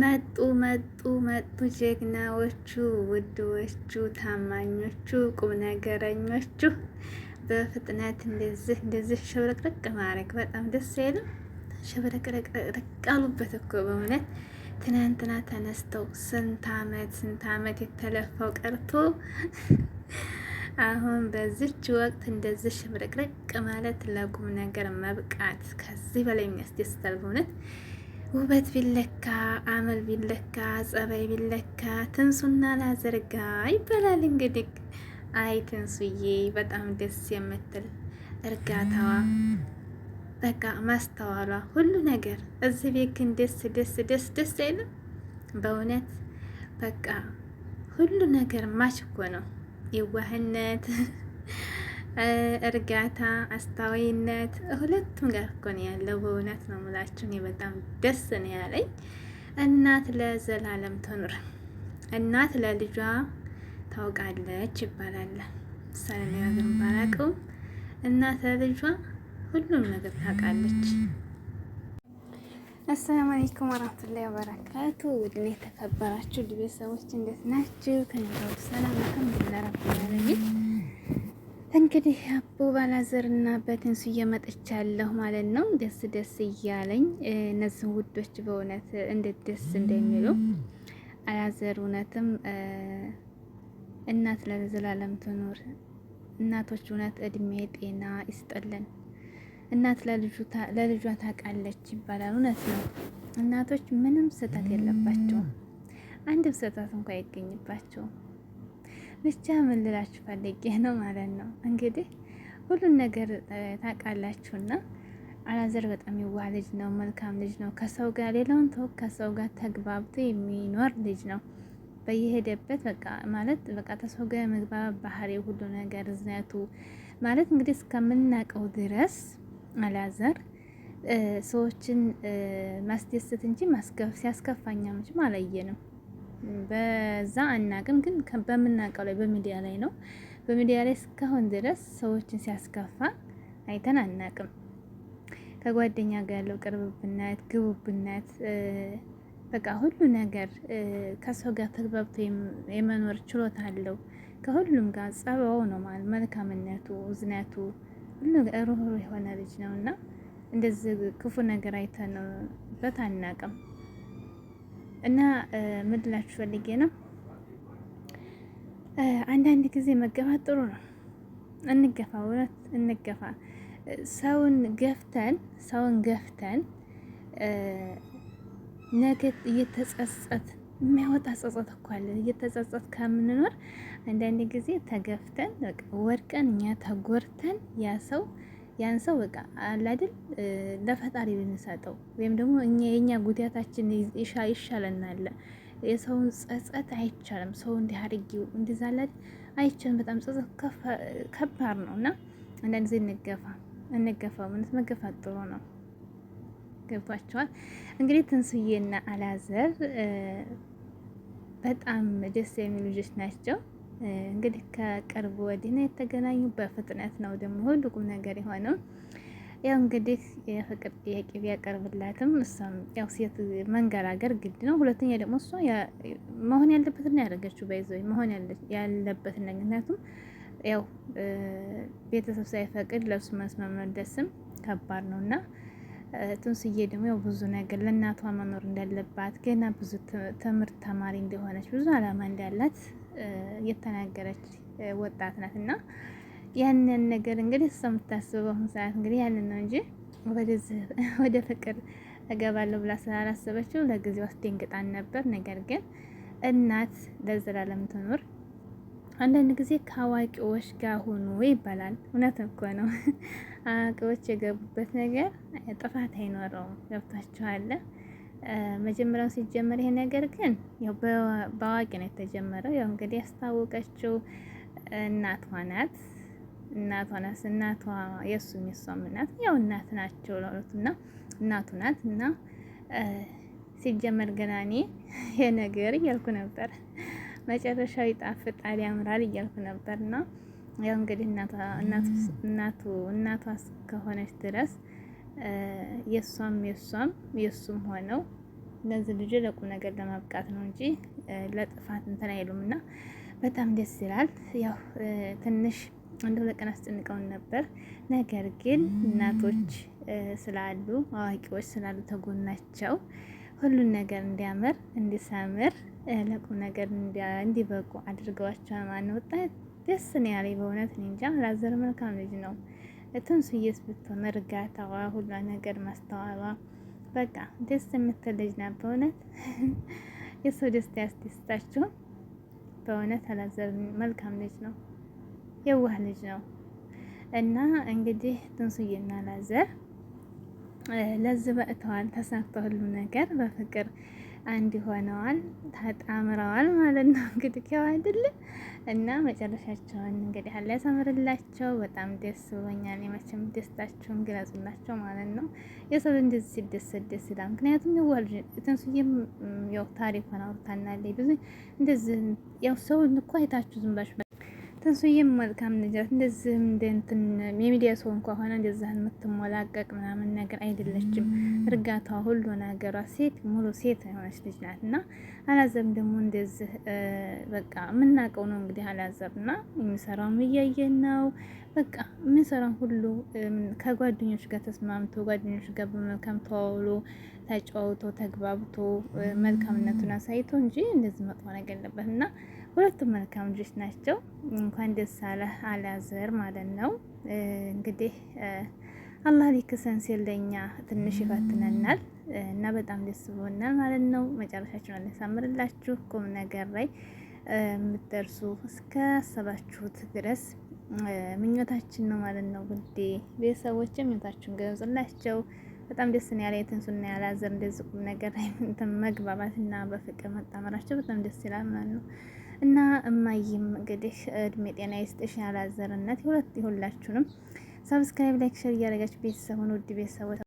መጡ መጡ መጡ ጀግናዎቹ ውድዎቹ ታማኞቹ ቁም ነገረኞቹ በፍጥነት እንደዚህ እንደዚህ ሸብረቅረቅ ማድረግ በጣም ደስ አይልም። ሸብረቅረቅረቅ አሉበት እኮ በእውነት ትናንትና ተነስተው ስንት አመት ስንት አመት የተለፋው ቀርቶ አሁን በዚች ወቅት እንደዚህ ሸብረቅረቅ ማለት ለቁም ነገር መብቃት ከዚህ በላይ የሚያስደስታል በእውነት ውበት ቢለካ አመል ቢለካ ጸባይ ቢለካ ትንሱና ላዘርጋ ይባላል። እንግዲህ አይ ትንሱዬ በጣም ደስ የምትል እርጋታዋ፣ በቃ ማስተዋሏ፣ ሁሉ ነገር እዚህ ቤት ግን ደስ ደስ ደስ ደስ አይልም በእውነት በቃ ሁሉ ነገር ማች እኮ ነው የዋህነት እርጋታ፣ አስታዋይነት ሁለቱም ጋር እኮ ነው ያለው። በእውነት ነው የምላችሁ እኔ በጣም ደስ ነው ያለኝ። እናት ለዘላለም ትኑር። እናት ለልጇ ታውቃለች ይባላል። ምሳሌ ነገር ባላውቅም እናት ለልጇ ሁሉም ነገር ታውቃለች። አሰላሙ አለይኩም ወራህመቱላሂ ወበረካቱ ውድኔ የተከበራችሁ ቤተሰቦች እንዴት ናችሁ? ከእንደው ሰላም አልሐምዱሊላህ ረብል እንግዲህ አቦ ባላዘርና በትንሱ እየመጠቻለሁ ማለት ነው። ደስ ደስ እያለኝ እነዚህ ውዶች በእውነት እንዴት ደስ እንደሚሉ አላዘር እውነትም እናት ለዘላለም ትኑር። እናቶች እውነት እድሜ ጤና ይስጠልን። እናት ለልጇ ታውቃለች ይባላል። እውነት ነው። እናቶች ምንም ስህተት የለባቸውም። አንድም ስህተት እንኳ አይገኝባቸውም። ብቻ ምን ልላችሁ ፈልጌ ነው ማለት ነው። እንግዲህ ሁሉን ነገር ታውቃላችሁና አላዘር በጣም የዋህ ልጅ ነው። መልካም ልጅ ነው። ከሰው ጋር ሌላውን ተው፣ ከሰው ጋር ተግባብቶ የሚኖር ልጅ ነው። በየሄደበት በቃ ማለት በቃ ተሰው ጋር መግባባት ባህሪ፣ ሁሉ ነገር ዝነቱ ማለት እንግዲህ እስከምናውቀው ድረስ አላዘር ሰዎችን ማስደሰት እንጂ ሲያስከፋኛ መቼም አላየንም። በዛ አናቅም፣ ግን በምናውቀው ላይ በሚዲያ ላይ ነው። በሚዲያ ላይ እስካሁን ድረስ ሰዎችን ሲያስከፋ አይተን አናቅም። ከጓደኛ ጋር ያለው ቅርብብነት ግቡብነት በቃ ሁሉ ነገር ከሰው ጋር ተግባብቶ የመኖር ችሎታ አለው። ከሁሉም ጋር ጸባው ነው ማለት መልካምነቱ፣ እዝነቱ ሁሉ ሩህሩህ የሆነ ልጅ ነው እና እንደዚህ ክፉ ነገር አይተንበት አናቅም። እና ምድላችሁ ፈልጌ ነው። አንዳንድ ጊዜ መገፋት ጥሩ ነው። እንገፋ፣ እውነት እንገፋ። ሰውን ገፍተን ሰውን ገፍተን ነገ እየተጸጸት የሚያወጣ ጸጸት እኮ አለ። እየተጸጸት ከምንኖር አንዳንድ ጊዜ ተገፍተን ወድቀን እኛ ተጎርተን ያ ሰው ያን ሰው በቃ አለ አይደል ለፈጣሪ ብንሰጠው ወይም ደግሞ እኛ የኛ ጉዳታችን ይሻለናል። የሰውን ጸጸት አይቻልም። ሰው እንዲህ አድርጊው እንደዛ አይቻልም። በጣም ጸጸት ከባድ ነው እና አንዳንድ ጊዜ እንገፋ እንገፋ ማለት መገፋት ጥሩ ነው። ገብቷቸዋል እንግዲህ ትንሱዬና አላዘር በጣም ደስ የሚሉ ልጆች ናቸው። እንግዲህ ከቅርብ ወዲህ ነው የተገናኙ። በፍጥነት ነው ደግሞ ሁሉ ቁም ነገር የሆነው። ያው እንግዲህ የፍቅር ጥያቄ ቢያቀርብላትም እሷም ያው ሴት መንገራገር ግድ ነው። ሁለተኛ ደግሞ እሷ መሆን ያለበትን ያደረገችው በይዘ መሆን ያለበትን ምክንያቱም ያው ቤተሰብ ሳይፈቅድ ለብሱ መስመር መደስም ከባድ ነው እና ትንስዬ ደግሞ ያው ብዙ ነገር ለእናቷ መኖር እንዳለባት ገና ብዙ ትምህርት ተማሪ እንደሆነች ብዙ አላማ እንዳላት የተናገረች ወጣት ናት እና ያንን ነገር እንግዲህ እሷ የምታስበው ሰዓት እንግዲህ ያንን ነው እንጂ ወደ ፍቅር እገባለሁ ብላ ስላላሰበችው ለጊዜው አስደንግጣን ነበር። ነገር ግን እናት ለዘላለም ትኑር። አንዳንድ ጊዜ ከአዋቂዎች ጋር ሆኖ ይባላል። እውነት እኮ ነው። አዋቂዎች የገቡበት ነገር ጥፋት አይኖረውም። ገብታችኋል? መጀመሪያውን ሲጀመር ይሄ ነገር ግን ያው በአዋቂ ነው የተጀመረው። ያው እንግዲህ ያስታወቀችው እናቷ ናት። እናቷ ናት። እናቷ የእሱም የሚሷም እናት ያው እናት ናቸው ለሁለቱና እናቱ ናት። እና ሲጀመር ገና እኔ ይሄ ነገር እያልኩ ነበር፣ መጨረሻው ይጣፍጣል ያምራል እያልኩ ነበርና ያው እንግዲህ እናቷ እናቱ እናቷ እስከሆነች ድረስ የእሷም የእሷም የእሱም ሆነው እነዚህ ልጅ ለቁም ነገር ለማብቃት ነው እንጂ ለጥፋት እንትን አይሉም። እና በጣም ደስ ይላል። ያው ትንሽ አንድ ሁለት ቀን አስጨንቀውን ነበር። ነገር ግን እናቶች ስላሉ አዋቂዎች ስላሉ ተጎናቸው ሁሉን ነገር እንዲያምር እንዲሰምር ለቁም ነገር እንዲበቁ አድርገዋቸዋል ማለት ነው። ደስ ነው ያለኝ በእውነት። እንጃ ላዘር መልካም ልጅ ነው። ትንሱዬስ ብትሆን እርጋታዋ፣ ሁሏ ነገር ማስተዋሏ በቃ ደስ የምትል ልጅ ናት። በእውነት የሰው ደስታ ያስደስታችሁ። በእውነት አላዘር መልካም ልጅ ነው፣ የዋህ ልጅ ነው። እና እንግዲህ ትንሱዬና አላዘር ለዚህ በእተዋል ተሳክቶ ሁሉ ነገር በፍቅር አንድ ሆነዋል፣ ተጣምረዋል ማለት ነው። እንግዲህ ከው አይደለ እና መጨረሻቸውን እንግዲህ አለ ያሳምርላቸው። በጣም ደስ ብሎኛል። የመቼም ደስታቸውን ግለጹላቸው ማለት ነው። የሰው እንደዚህ ሲደሰት ደስ ይላል። ምክንያቱም እንትን ሲየም ያው ታሪክ ሆና አውርታናለች። ብዙ እንደዚህ ያው ሰው እኮ አይታችሁ ዝም ባሽ ትንሱዬም መልካም ንጀራት እንደዚህ እንደንትን የሚዲያ ሰው እንኳ ሆነ እንደዚህ የምትሞላቀቅ ምናምን ነገር አይደለችም። እርጋታዋ ሁሉ ነገሯ ሴት ሙሉ ሴት የሆነች ልጅ ናት እና አላዛም ደግሞ እንደዚህ በቃ የምናውቀው ነው እንግዲህ አላዛብ እና የሚሰራውን እያየን ነው። በቃ የሚሰራውን ሁሉ ከጓደኞች ጋር ተስማምቶ ጓደኞች ጋር በመልካም ተዋውሎ ተጫውቶ ተግባብቶ መልካምነቱን አሳይቶ እንጂ እንደዚህ መጥፎ ነገር የለበት እና ሁለቱም መልካም ልጆች ናቸው። እንኳን ደስ አለ አላዘር ማለት ነው እንግዲህ አላህ ሊክሰን ሲል ለእኛ ትንሽ ይፈትነናል። እና በጣም ደስ ብሎናል ማለት ነው። መጨረሻችሁን አለ ቁም ነገር ላይ የምትደርሱ እስከ አሰባችሁት ድረስ ምኞታችን ነው ማለት ነው። ጉዴ ቤተሰቦች ምኞታችሁን ገለጽላቸው። በጣም ደስ ነው ያለ የትንሱና ያላዘር እንደዚህ ቁም ነገር ላይ መግባባትና በፍቅር መጣመራቸው በጣም ደስ ይላል ማለት ነው። እና እማዬም እንግዲህ እድሜ ጤና ይስጥሽ፣ ያላዘርነት ሁለት ሁላችሁንም ሰብስክራይብ፣ ላይክ፣ ሸር እያደረጋችሁ ቤተሰቡን ውድ ቤተሰቦች